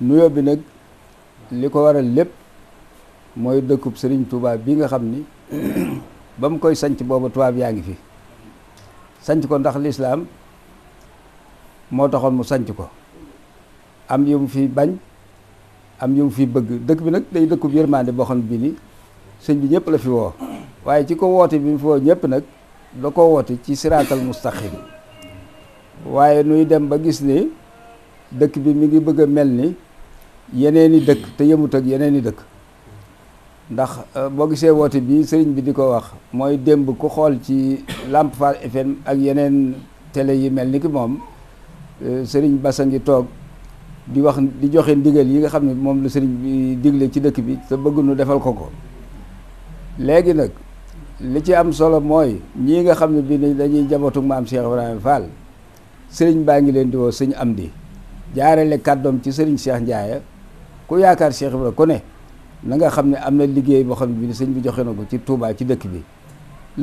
nuyo bi nag li ko waral lépp mooy dëkkub sëriñ Touba bi nga xam ni ba mu koy sanc booba tubaab yaa ngi fi sanc ko ndax lislaam moo taxoon mu sanc ko am yu mu fi bañ am yu mu fi bëgg dëkk bi nag day dëkkub yërmande boo xam bi ni sëñ bi ñëpp la fi woo waaye ci ko woote bi mu fi woo ñëpp nag da ko woote ci siraatal mustaqim waaye nuy dem ba gis ni dëkk bi mu ngi bëgg a mel ni yeneen i dëkk te yëmut ak yeneen i dëkk ndax euh, boo gisee woote bii sëriñ bi di ko wax mooy démb ku xool ci Lamp Fall FM ak yeneen tele yi mel ni ki moom euh, sëriñ Bassa ngi toog di wax di joxe ndigal yi nga xam ne moom la sëriñ bi digle ci dëkk bi sa bëgg nu defal ko ko léegi nag li ci am solo mooy ñii nga xam ne bi dañuy jabootu maam Cheikh Ibrahima Fall sëriñ baa ngi leen di woo am di jaarale kàddoom ci sëriñ Cheikh Ndiaye ku yaakaar Cheikh Ibra ku ne na nga xam ne am na liggéey boo xam ne bi sëñ bi joxe na ko ci Touba ci dëkk bi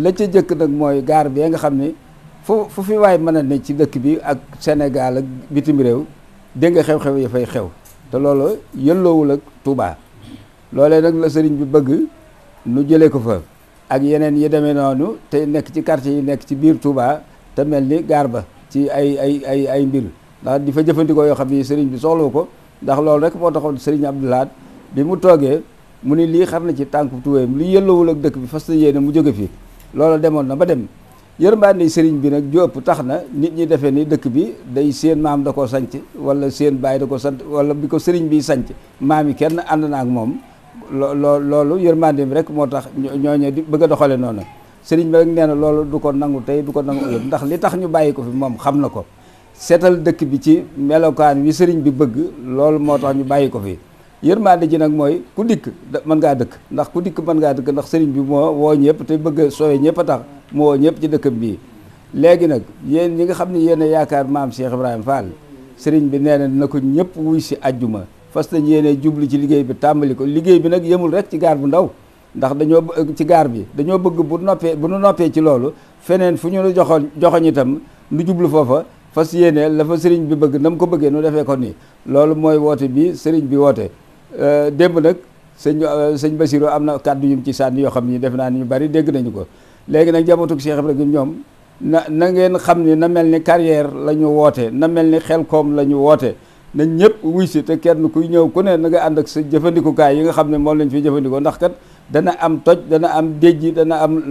la ca jëkk nag mooy gaar bi nga xam ne fu fu fi waay mën a ne ci dëkk bi ak senegaal ak bitim réew dégg nga xew-xew ya fay xew te loolu yëlloowul ak Touba loole nag la sëriñ bi bëgg nu jëlee ko fa ak yeneen yi demee noonu te nekk ci quartier yi nekk ci biir Touba te mel ni gaar ba ci ay ay ay ay mbir ndax di fa jëfandikoo yoo xam ne sëriñ bi soxlawu ko ndax loolu rek moo taxoon sëriñ Abdou Lahad bi mu toogee mu ni lii xam na ci tànk tuwéyam li yëllawul ak dëkk bi fas na yéene mu jóge fi loolu demoon na ba dem yërmaande sëriñ bi nag ju ëpp tax na nit ñi defee ni dëkk bi day seen maam da koo sanc wala seen baay da ko sant wala bi ko sëriñ bi sanc maam yi kenn ànd na ak moom loo loolu yërmaande bi rek moo tax ñooñu di bëgg a doxale noonu sëriñ bi rek nee na loolu du ko nangu tey du ko nangu ëllëg ndax li tax ñu bàyyi ko fi moom xam na ko seetal dëkk bi ci melokaan wi sëriñ bi bëgg loolu moo tax ñu bàyyi ko fi yërmande ji nag mooy ku dikk mën ngaa dëkk ndax ku dikk mën ngaa dëkk ndax sëriñ bi moo woo ñëpp te bëgg a sooy ñëpp a tax moo woo ñëpp ci dëkkam bii léegi nag yéen ñi nga xam ne yéen yaakaar maam Cheikh Ibrahima Fall sëriñ bi nee na na ko ñëpp wuy si ajjuma fas nañ yéene jublu ci liggéey bi tàmbali ko liggéey bi nag yemul rek ci gaar bu ndaw ndax dañoo ci gaar bi dañoo bëgg bu noppee bu nu noppee ci loolu feneen fu ñu joxoon joxoñ itam nu jublu foofa fas yéene la fa sëriñ bi bëgg na mu ko bëggee nu defee ko nii loolu mooy woote bi sëriñ bi woote euh, démb nag sëñ euh, sëñ Basirou am na kàddu yum ci sànni yoo xam ni def naa ni ñu bari dégg nañu ko léegi nag jamatug Cheikh Ibrahim ñoom na na ngeen xam ni na mel ni carrière la ñu woote na mel ni xel koom la ñu woote na ñëpp wuy si te kenn kuy ñëw ku ne na nga ànd ak sa jëfandikukaay yi nga xam ne moom lañ fi jëfandikoo ndax kat dana am toj dana am déjji dana am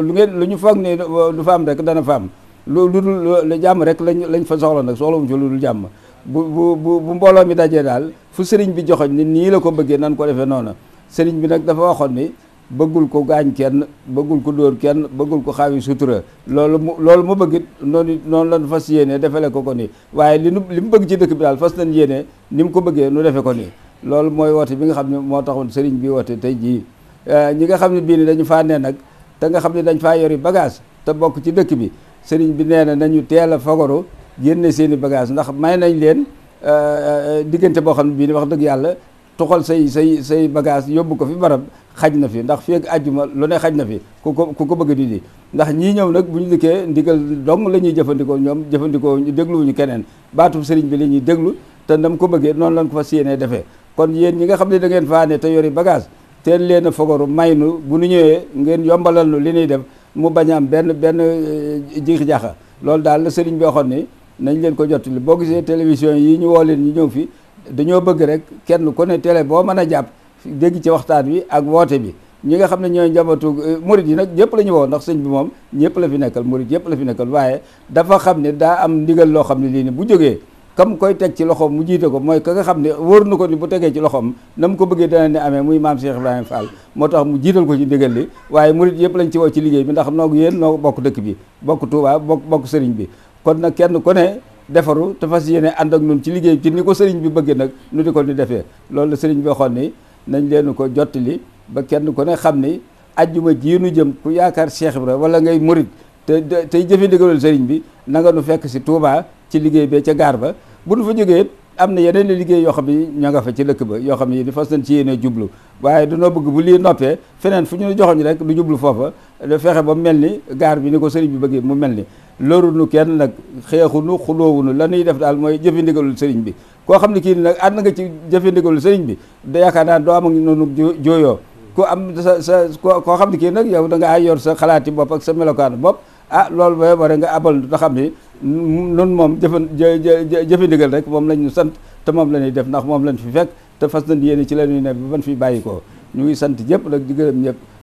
lu ngeen lu ñu foog ne du fa am rek dana fa lu dul jàmm rek lañ lañ fa soxla nag soxlawuñ fa lu dul jàmm bu bu bu mbooloo mi dajee daal fu sëriñ bi joxoñ ni nii la ko bëggee nan ko defee noonu sëriñ bi nag dafa waxoon ni bëggul ko gaañ kenn bëggul ko dóor kenn bëggul ko xaawi sutura loolu mu loolu mu bëggit noonu noonu lan fas yéene defale ko ko nii waaye li nu li mu bëgg ci dëkk bi daal fas nañ yéene ni mu ko bëggee nu defe ko nii loolu mooy woote bi nga xam ne moo taxoon sëriñ bi woote tey jii euh, ñi nga xam ne bii ni dañu faa ne nag te nga xam ne dañ faa yori bagage te bokk ci dëkk bi sëriñ bi nee na nañu teel a fagaru génne seeni i bagage ndax may nañ leen euh, euh, diggante boo xam ne bii wax dëgg yàlla tuxal say say say bagage yóbbu ko fi barab xaj na fi ndax feeg àjjuma lu ne xaj na fi ku ko ku ko bëgg di di ndax ñii ñëw nag bu ñu dikkee ndigal dong la ñuy jëfandikoo ñoom jëfandikoo ñu dégluwuñu keneen baatub sëriñ bi la ñuy déglu te ndam ko bëggee noonu lañ ko fas yéenee defee kon yéen ñi nga xam ne da ngeen faane te yori bagage teel leen a may nu bu nu ñëwee ngeen yombalal nu li ñuy def mu bañ am benn benn eh, jig jaxa loolu daal la sëriñ bi waxoon ni nañ leen ko jottali boo gisee télévision yi ñu woo leen ñu ñëw fi dañoo bëgg rek kenn ku ne tele boo mën a jàpp dégg ci waxtaan wi ak woote bi ñi nga xam ne ñooy njabootu eh, murid yi nag ñëpp la ñu ndax sëñ bi moom ñëpp la fi nekkal murid yëpp la fi nekkal waaye dafa xam ne daa am ndigal loo xam ne lii ne bu jógee kam koy teg ci loxoom mu jiite ko mooy ka nga xam ne wóor na ko ni bu tegee ci loxoom na mu ko bëggee dana ne amee muy maam Cheikh Ibrahima Fall moo tax mu jiital ko ci ndigal li waaye murit yëpp lañ ci woo ci liggéey bi ndax noogu yéen noo bokk dëkk bi bokk Touba bokk bokk sëriñ bi kon nag kenn ku ne defaru te fas yéene ànd ak ci liggéey ci ni ko sëriñ bi bëggee nag nu ko ni defee loolu la sëriñ bi waxoon ni nañ leen ko jottali ba kenn ku ne xam ni ajjuma ji nu jëm ku yaakaar Cheikh Ibrahima wala ngay murit te tey jëfe ndigalul sëriñ bi nanga nu fekk si Touba ci liggéey bee ca gaar ba bu nu fa jógee am na yeneen liggéey yoo xam ni ña nga fa ci lëkk ba yoo xam ni ni fas nañ ci yéene jublu waaye danoo bëgg bu lii noppee feneen fu ñu joxoñ rek lu jublu foofa da fexe ba mel ni gaar bi ni ko sëriñ bi bëggee mu mel ni lorunu kenn nag xeexunu xuloowunu la nuy def daal mooy jëfandikalul sëriñ bi koo xam ne kii nag ànd nga ci jëfandikalul sëriñ bi da yaakaar naa doo am ak noonu jooyoo ko am sa sa koo xam ne kii nag yow da nga yor sa xalaati bopp ak sa melokaanu bopp ah loolu booy nga abal nga xam ni noonu moom jëfan jëfe ndigal rek moom lañ ñu sant te moom la ñuy def ndax moom lañ fi fekk te fas nañ yéene ci la ñuy nekk ba ban fi bàyyi ko ñu ngi sant ñëpp nag di gërëm ñëpp